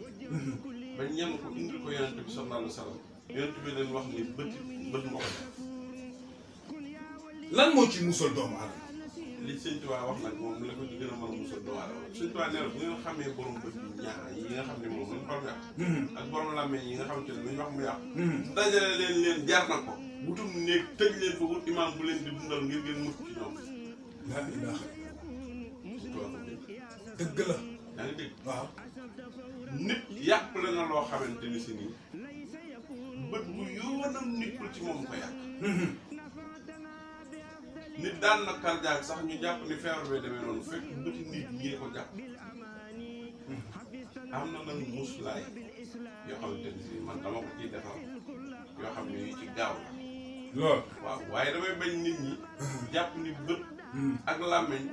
ba ñenn ko indi ko yonente bi sallallahu alayhi wa sallam yonente bi leen wax ni bët moo ko def lan moo ci musal doomu aadama li Sëñ Tuubaa wax nag moom la ko ci gën a mën a musal doomu aadama Sëñ bu ngeen xamee borom bët yi ñaar yi nga xam ne moom luñ borom yàq hmm. ak borom làmmee yi nga xam te ne luñ wax mu yàq hmm. dajale leen leen jar na ko wutum néeg tëj leen fa imaam bu leen di dundal ngir ngeen mucc ci ñoom laa ilaaha illallaah dëgg la yaa ngi dégg waaw nit yàq la na loo xamante ni si nii bët bu yoonam nit ci moom ko yàq hmm. nit daan na cardiaque sax ñu jàpp ni feebar bee demee noonu fekk bëti nit ñee ko jàpp hmm. am na nag muslaay yoo xamante ni si man dama ko ciy defar yoo xam ne yu waaye damay bañ nit ñi jàpp ni bët hmm. ak làmmiñ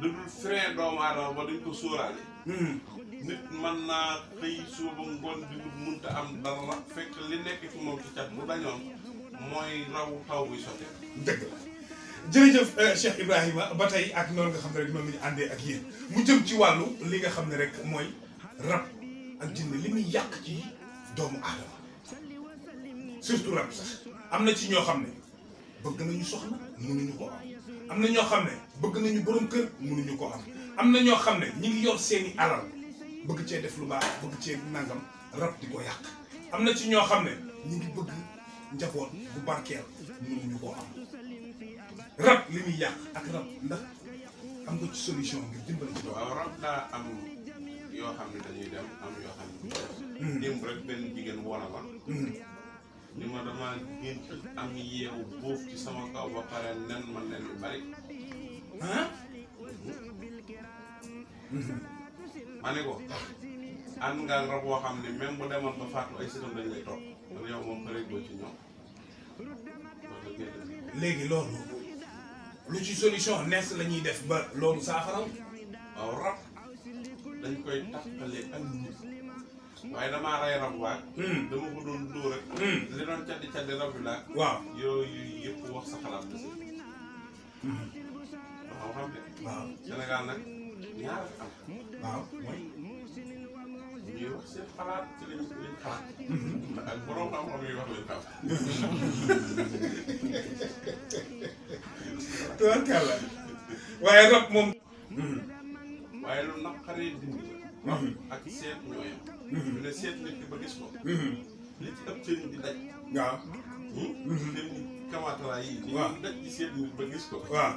da dul frein doomu aadama ba dañ ko sóoraale hmm. nit mën naa xëy suba ngoon di wut munta am dara fekk li nekk ci moom ci cat bu dañoon mooy raw taw buy sote jërëjëf euh, Cheikh Ibrahima ba tey ak noonu nga xam ne rek noonu la ñu àndee ak yéen mu jëm ci wàllu li nga xam ne rek mooy rab ak jinne li muy yàq ci doomu aadama surtout rab sax am na ci ñoo xam ne bëgg nañu soxna mënuñu ko am am na ñoo xam ne bëgg nañu borom kër mënuñu ko am na ñoo xam ne ñu ngi yor seeni alal bëgg cee def lu baax bëgg cee nangam rab di ko yàq am na ci ñoo xam ne ñu ngi bëgg njaboot bu barkeel mënuñu ko am rab li muy yàq ak rab ndax am nga ci solution ngir dimbali ci. waaw yoo xam ne dañuy dem am yoo xam ne. Hmm. démb rek benn jigéen wala la. Hmm. ni ma dama gént am yeewu boof ci sama kaw ba pare nen ma nen lu bari. ah. ko ànd nga rab boo xam ne même bu demoon ba faatu ay sëtam dañ lay topp. man yow moom bëreeg boo ci ñoom. léegi loolu. lu ci solution nees la ñuy def ba loolu saafaraw waaw rab dañ koy takkale ak nit waaye damaa rey rab waat. Hmm. dama ko doon dóor rek. Hmm. li doon caddi caddi rab bi laa. waaw yooyu yëpp wax sa xalaat bi si. Hmm. ñuy wax seen xalaat ci liñ liñ xalaat. ndax ak borom xam-xam yi wax liñ xalaat. tubarkàlla waaye rab moom. Hmm. waaye lu naqaree dindi la. Hmm. ak seet ñooyam. Hmm. ñu ne seet nit ba gis ko. li ci ëpp yi. waaw ñu ngi daj ci seet nit ba gis ko. waaw.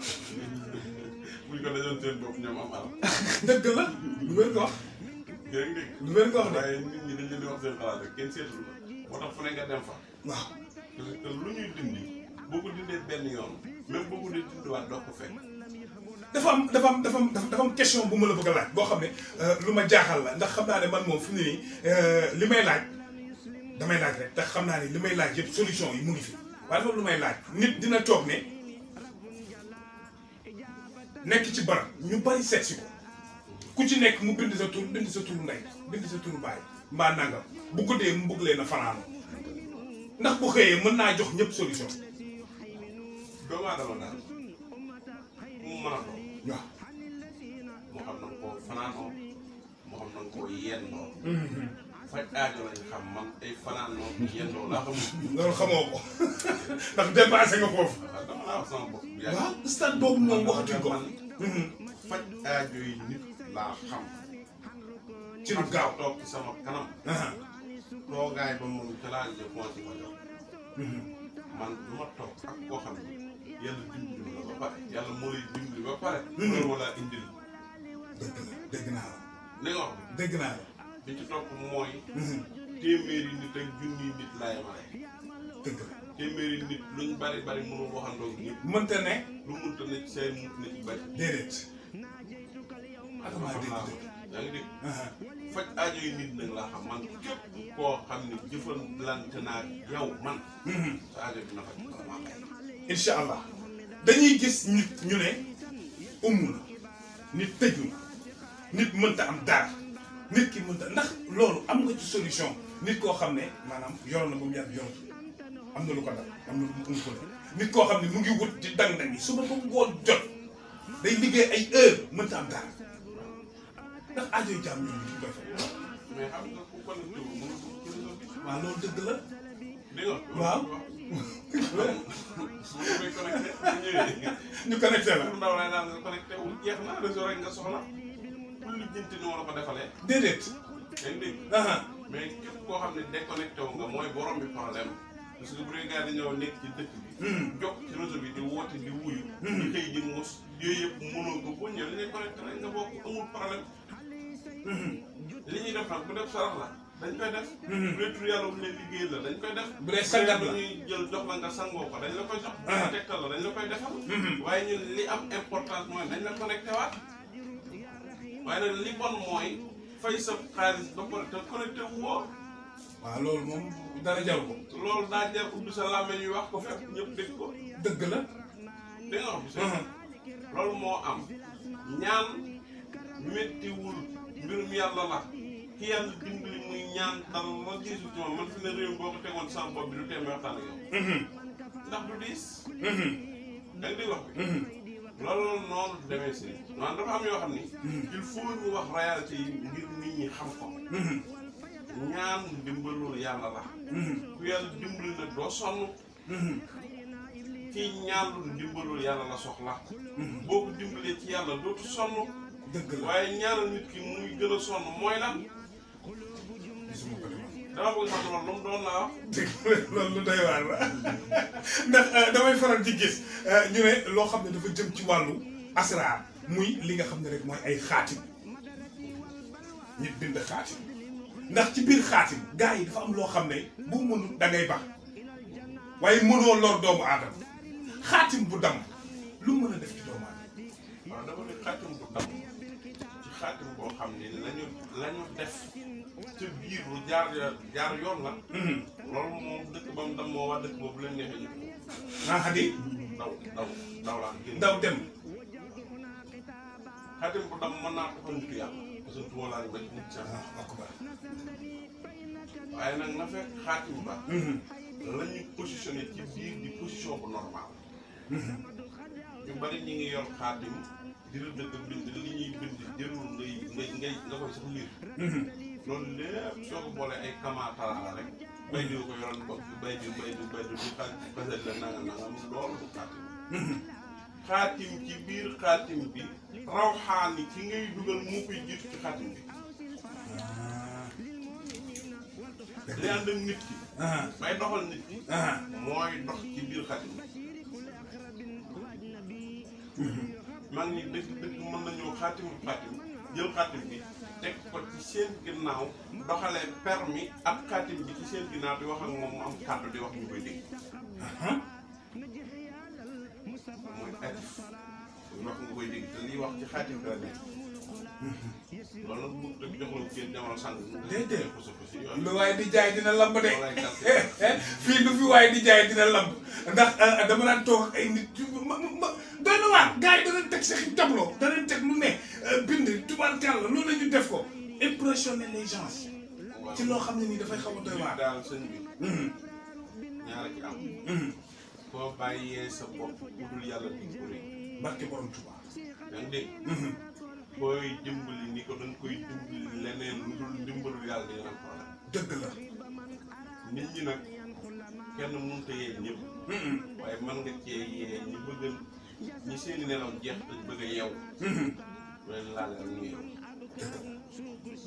buñ ko dajoon seen bopp ñoom am alal. lu ngeen ko dégg dégg lu ngeen ko wax de waaye nit ñi dañ leen lu ñuy dindi boo ko dindee benn yoon même boo ko dee dindiwaat doo ko fekk dafa am dafa am dafa am dafa am question bu ma la bëgg a boo xam ne euh, lu ma jaaxal la ndax xam man moom fi mu ne euh, li may laaj damay laaj rek te xam naa ne li may laaj yëpp solution yi mu ngi fi waaye dafa am lu may laaj nit dina toog ne nekk ci barab ñu bari seet si ko ku ci nekk mu bind sa tur bind sa tur ndey bind sa tur baay mbaa nangam bu guddee mu bëgg leen a fanaanoo ndax bu xëyee mën naa jox ñëpp solution. doomu aadama daal mu mën a doon. waaw moo xam na nga koo fanaanoo
na nga koo yendoo. Mhm. faj aajo lañ xam man tey fanaanoo yendoo laa xamul.
loolu xamoo ko ndax dépassé nga foofu. waaw dama laa wax sama bopp. ko. Mhm. faj aajo yi nit. laa xam ci lu gaaw toog ci sama kanam toogaay ba moom calaal jo moo ci ma jox man du toog ak koo xam ne yàlla dimbali la ba pare yàlla moo lay dimbali ba pare loolu moo laa indil dëgg naa la li nga dëgg naa la bi ci topp mooy téeméeri nit ak junniy nit laay maye dëgg la téeméeri nit luñ bari bari mënul waxandoo ñëpp mënta ne lu mënta ne ci say mënta ci bari déedéet ak maa dégg dëgg yaa ngi dégg faj aajo yi naa yow man sa aajo dina allah dañuy gis nit ñu ne umu na nit tëju nit mënta am dara nit ki mënta ndax loolu am nga ci solution nit koo xam ne maanaam yoroon la ba mu yàgg yoroon am na lu ko dal am na lu mu ump nit koo xam ne mu ngi wut di dang-dang yi suba ba ngoon jot day liggéey ay heure mënta am dara ndax aajo jaam ñoom ñu koy fay. mais xam nga ku connecté wu mënul ko ci réseau loolu dëgg la. dëgg la waaw. su ma nga connecté wu jeex nga soxla. pour lu jënti ni ma la ko defalee. déedéet. mais képp koo xam ne déconnecté nga mooy borom bi parce que bu dee gars yi dañoo nekk ci dëkk bi. Hmm. jokk ci réseau bi di woote di wuyu.
ñu hmm. koy di yooyu yëpp mënoo ko boo ñëwee li ngay nga bokk amul problème. li ñuy def nag bu def sarax la dañ koy def. Mm-hmm. bu dee yàlla bu ne liggéey
la dañ koy def. bu dee sangat la ñuy jël jox la nga sangoo ko dañ la koy jox. bu uh-huh. tegtal la dañ la koy defal. Mm-hmm. waaye li am importance mooy dañ la connecté waat waaye nag li bon mooy fay sa xaalis ba pare te connecté wu waaw loolu moom dara jaru ko. loolu daa jar ubbi sa làmmiñ yi wax ko fépp ñëpp dégg ko. dëgg la. dégg nga wax bi uh-huh. loolu moo am ñaan méttiwul. mbirum yàlla la ki yàlla dimbali muy ñaan dara ma gisul ci man fi ne réew boo ko tegoon sama bi du tee ma waxtaan ak mhm. du diis. Mhm. da nga di wax bi. Mhm. loolu noonu demee si. maanaam dafa am yoo xam ni. il wax réalité yi ngir nit xam ko. ñaan dimbalul yàlla la. ku yàlla dimbali nag doo sonn. kii ñaan lu yàlla la soxla. boo dimbalee ci yàlla dootu sonn. waaye ñaanal nit ki muy gën a sonn mooy lan. dama bëgg xam euh, damay faral ci gis euh, ñu ne loo xam ne dafa jëm ci wàllu asraar muy li nga xam ne rek mooy ay xaatim nit bind xaatim ndax ci biir xaatim gars yi dafa am loo xam ne bu mënul da ngay baax waaye mënoo lor doomu aadama xaatim bu dam lu mën a def ci doomu aadama. xaatim boo xam ne lañu lañu def ci biir lu jaar jaar yoon la mhm. loolu moom dëkk ba mu dam moo wax dëkk boobu leen neexee jëf naa xadi daw daw daw dem xaatim bu dam mën naa ko fa nitu yàlla parce que tuuma laa ñu ba ci nit sax ak ba waaye nag na fekk xaatim ba mhm. la ñu ci biir di position bu normal mhm. ñu bari ñu ngi yor xaatim di la bind li ñuy bind jërul ngay ngay nga koy sax liir mhm. loolu lépp soo ko boolee ay kamaatala rek bay diw ko yoroon bopp bi bay diw bay diw bay diw di xaaj pasal la mhm. ci xaatim bi rawxaan yi ci nit ki ah. bay doxal nit ki ah. mooy dox ci biir xaatim bi mhm. maa ngi nii dëkk dëkk mën nañoo xaatimul xaatim jël xaatim bi teg ko ci seen ginnaaw per permis ak xaatim bi ci seen ginnaaw di wax ak moom mu am kàddu di wax ñu koy dégg mooy atif wax nga koy dégg te liy wax ci xaatim bi la nekk loolu bu dëgg jamono kenn jamono sànq. déedéet lu waaye di jaay dina lamb de fii lu fi waaye di jaay dina lamb ndax euh, dama daan toog ay nit ma ma. tubaab gars yi danañ teg seen tableau danañ teg lu ne euh, bind tubaab kàlla loolu la ñu def ko impressionner les ci loo xam ne nii dafay xaw a doy waar. daal sëñ bi. Mhm. Mhm. sa bopp ku yàlla duñ ko rëy. barke borom tubaab. yaa ngi dégg. Mhm. booy dimbali ni ko dañ koy dimbali leneen lu dul dimbalu yàlla dañu am problème. dëgg la. nit ñi nag kenn mënut a yee ñëpp. waaye mën nga cee yee ñu bëgg ñi seeni nelaw jeex te bëgg a yeew bu leen laal ak ñu yeew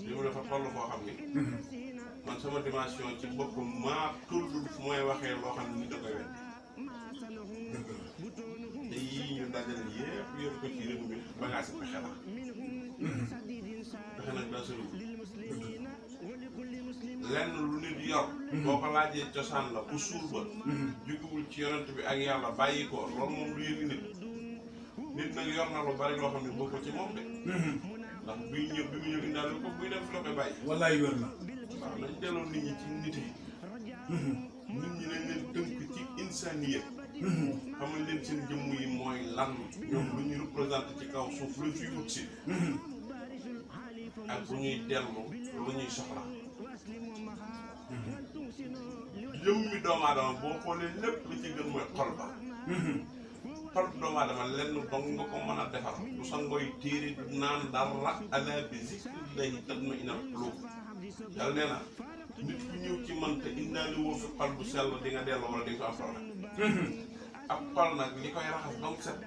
li mu dafa toll koo xam ne man sama dimension ci bopp maa tudd fu may waxee loo xam ne ni da koy wet ñu dajale yëpp yor ko ci réew mi bagage bi pexe
la pexe nag
daa soriwul lenn lu nit yor mhm. boo ko laajee cosaan la bu suur ba mhm. juguwul ci yonent bi ak yàlla bàyyi ko loolu moom du yëngu nit nit nag yor na lu bari loo xam ne boo ko ci moom de mhm. ndax buy ñëw bi mu ñëw indaale ko buy def la koy bàyyi wallaay wér na waaw nañ delloo yi nit ñi nañ leen ci kaw suuf lu fi wut si bu ñuy dellu lu ñuy soxla jëmmi doomu aadama boo xoolee lépp li ci gën mooy xol ba. xol doomu aadama lenn dong nga ko mën a defar du sa ngoy téere du naan dara ala bi zikrillahi tatma'innul quluub yàlla nee na nit ku ñëw ci man te indaale woo fi xol bu sell di nga delloo wala di nga ko am problème. ak xol nag li koy raxas ba mu set.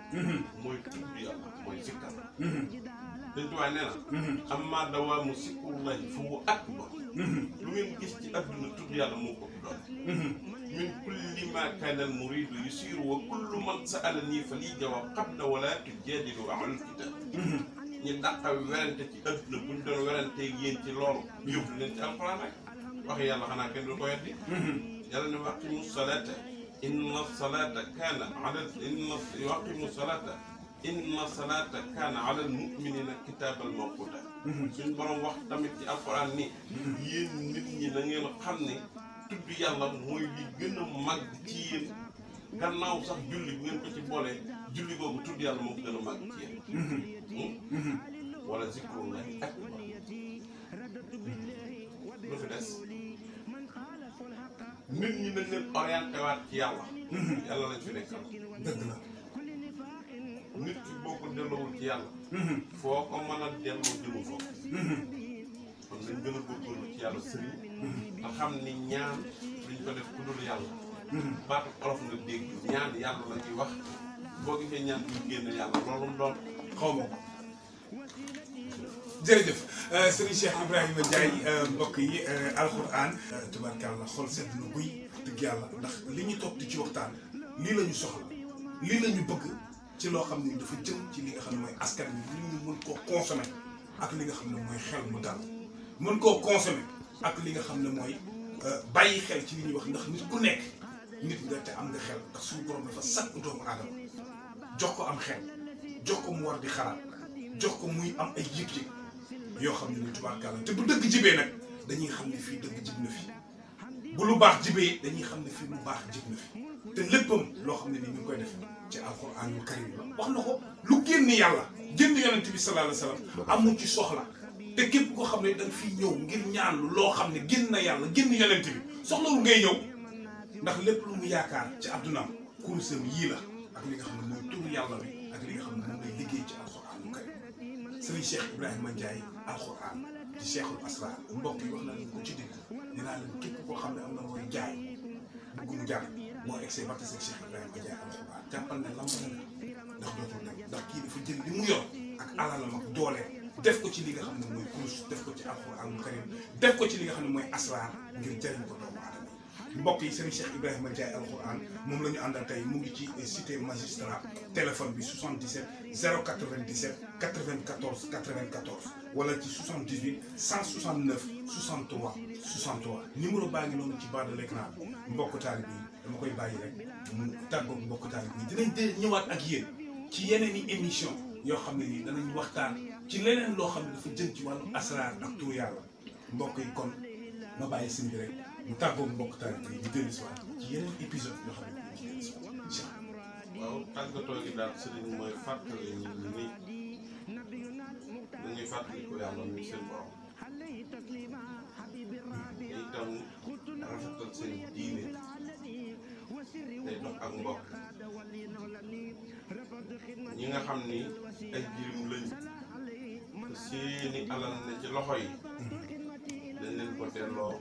mooy tudd yàlla mooy zikkar. dañ tuwaay nee na amma dawaamu
sikrullahi fa huwa akbar lu ngeen gis ci adduna tudd yàlla moo ko doon min kulli ma kaana al muridu yusiru wa kullu man saala nii fa lii jawaab qabla wala tujaadilu ahlul ñu dàqa werante ci adduna buñ doon werante yéen ci loolu yóbbu leen ci alxuraan rek yàlla xanaa kenn du ko weddi yàlla ne waqimu salaata inna salaata kaana ala inna salaata inna salaata kaana ala na kitaaban mawquuta mhm. suñ borom wax tamit ci alquran ni mhm. yéen nit ñi da ngeen xam ne tudd yàlla mooy li gën a mag ci yéen gannaaw sax julli bu ngeen ko ci boolee julli googu tudd yàlla moo ko gën a mag ci yéen mhm. Hmm? wala zikrullahi akbar fi des nit ñi dañ leen orienté waat ci yàlla yàlla lañ fi nekkal la nit ki boo ko delloowul ci yàlla. foo ko mën a delloo jëmu foofu. kon nañ gën a góorgóorlu ci yàlla sëriñ. nga xam ni ñaan duñ ko def ku dul yàlla. baatu olof nga dégg la ñuy wax boo gisee ñaan duñ génn yàlla loolu mu ma ko. jërëjëf euh, sëriñ Cheikh Ibrahima Ndiaye euh, mbokk yi euh, alxuraan tubaarkàlla xol sedd na buy dëgg yàlla ndax li ñu toog di ci waxtaan lii la soxla lii la bëgg. ci loo xam ne dafa jëm ci li nga xam ne mooy askan bi li ñu mën koo consommé ak li nga xam ne mooy xel mu dal mën koo consommé ak li nga xam ne mooy euh, bàyyi xel ci li ñuy wax ndax nit ku nekk nit nga te am nga xel ndax suñu borom dafa sàkk doomu aadama jox ko am xel jox ko mu war di xalaat jox ko muy am ay yëg-yëg yoo xam ne ni tubaarkàlla te bu dëgg jibee nag dañuy xam ne fii dëgg jib na fi bu lu baax jibee dañuy xam ne fii mu baax jib na fi te léppam loo xam ne ni ñu koy def ci alxuraanul karim wax na ko lu génn yàlla génn yonent bi sallallahu alayhi wa sallam amul ci soxla te képp koo xam ne da nga fiy ñëw ngir ñaan loo xam ne génn na yàlla génn yonent bi soxlawul ngay ñëw ndax lépp lu mu yaakaar ci addunaam kurusam yii la ak li nga xam ne mooy turu yàlla bi ak li xam ne moom lay liggéey ci alxuraanul karim sëriñ Cheikh a Ndiaye alxuraan di cheikhul asrar mbokk yi wax na leen ko ci dégg dinaa leen képp koo xam ne am na mooy jaay bëgg mu jaar moo egg see bàtt Cheikh jàppal ne lam na ndax dootul ndax kii dafa jël li mu yor ak alalam ak doole def ko ci li nga xam ne mooy kurus def ko ci alxuraanul karim def ko ci li nga xam ne mooy asraar ngir jëriñ ko doomu aadama mbokk yi sëriñ Cheikh Ibrahima Ndiaye alxuraan moom la ñu àndal tey mu ngi ci cité magistrat téléphone bi 77 097 94 94 wala ci 78 169 63 63 numéro baa ngi noonu ci barre de l'écran mbokk taalibe bi. dama koy bàyyi rek mu tàggoog mbokk taal bi dinañ dee ñëwaat ak yéen ci yeneen i émission yoo xam ne nii danañ waxtaan ci leneen loo xam ne dafa jëm ci wàllu asraar ak tuur yàlla mbokk yi kon ma bàyyi sëñ rek mu tàggoog mbokk taal bi ñu dellu si waat ci yeneen épisode yoo xam
ne dañu dellu si waat incha
allah. waaw tàggatoo gi daal sëriñ mooy fàttali
nit diine. day dox ak mbokk
ñi nga xam ni ay jirim lañu te seeni alal ne ci loxo yi dañ leen ko delloo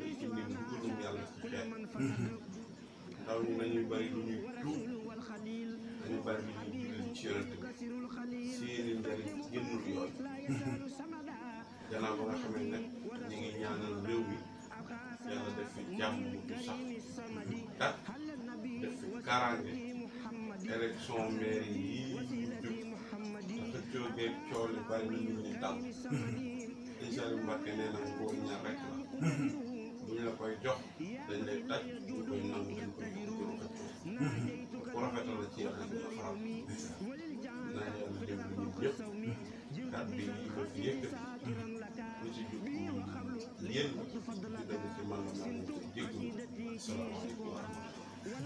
day ci ndim dugalum yàlla ci xeet ndaw ñi nañuy bari lu ñuy tuub
dañu bari lu ñuy julli ci yonent bi seeni njariñ génnul yooyu
gannaaw ba nga xam ne nag ñu ngi ñaanal réew mi yàlla def fi jàmm bu sax
dakk def fi kaaraange
élection maire jub dafa jógee coow li bari na ñu ni dal incha allah Mbacke nee na rek la ñu la koy jox dañ lay daj
ñu koy nangu dañ koy jëru xëcc ku rafetal la ci yàlla dina faral naa yàlla déglu ñun ñëpp kàddu yi ma fi yëkkati lu ci jub yéen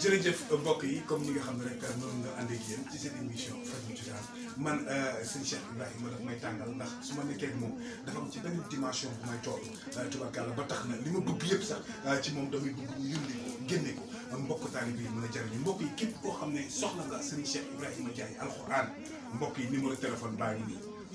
jërëjëf mbokk yi comme ni nga xam ne rek noonu nga ànd ak yéen ci seen émission faju cosaan man euh, sëñ Cheikh Ibrahima daf may tàngal ndax su ma nekkee moom dafa am ci benn dimension bu may toll euh, tubaarkàlla ba tax na li ma bëgg yëpp sax euh, ci moom damay dugg yónni ko génne ko mbokk taalibe yi mën a jariñu mbokk yi képp koo xam ne soxla nga sëñ Cheikh Ibrahima Ndiaye alxuraan mbokk yi numéro téléphone baa ngi nii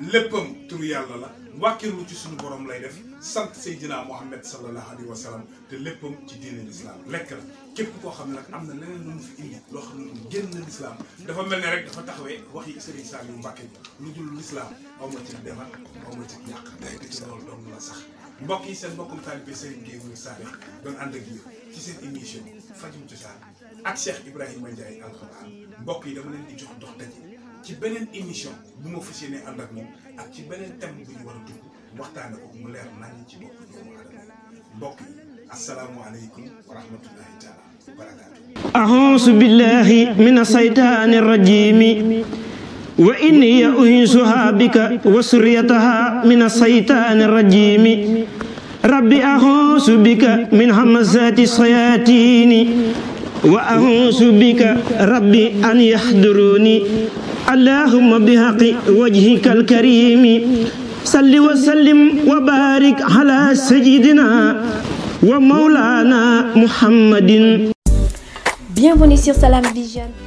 léppam turu yàlla la wàkkirlu ci suñu borom lay def sant Seydina Muhammad sallallahu alayhi wa sallam te léppam ci diine lislaam lekk la képp koo xam ne nag am na leneen lu mu fi indi loo xam ne génn lislaam dafa mel ne rek dafa taxawee waxi Serigne Saliou Mbacké lu dul lislaam aw ma ci defar aw ma ci ñàkk day ci loolu dong la sax mbokk yi seen mbokkum taalibe seen Gueye Mouride Sadikh doon ànd ak yéen ci seen émission fajum cosaan ak Cheikh Ibrahima Ndiaye Al mbokk yi dama leen di jox dox daje ci beneen émission bu ma fas yéene ànd ak moom ak ci beneen thème bu ñu war a dugg waxtaane ko mu leer nañu ci bopp doomu aadama mbokk yi asalaamualeykum
wa rahmatullahi taala wa barakaatu ahuusu billahi min asaytaani rajimi wa inni uinsuha bika wa suriyataha min asaytaani rajimi rabbi ahuusu bika min hamazati sayatini wa ahuusu bika rabbi an yahduruni allahumma bihaqi wajhika alkarimi salli wa sallim wa barik ala sayyidina wa maulana muhammadin bienvenue sur Salam Vision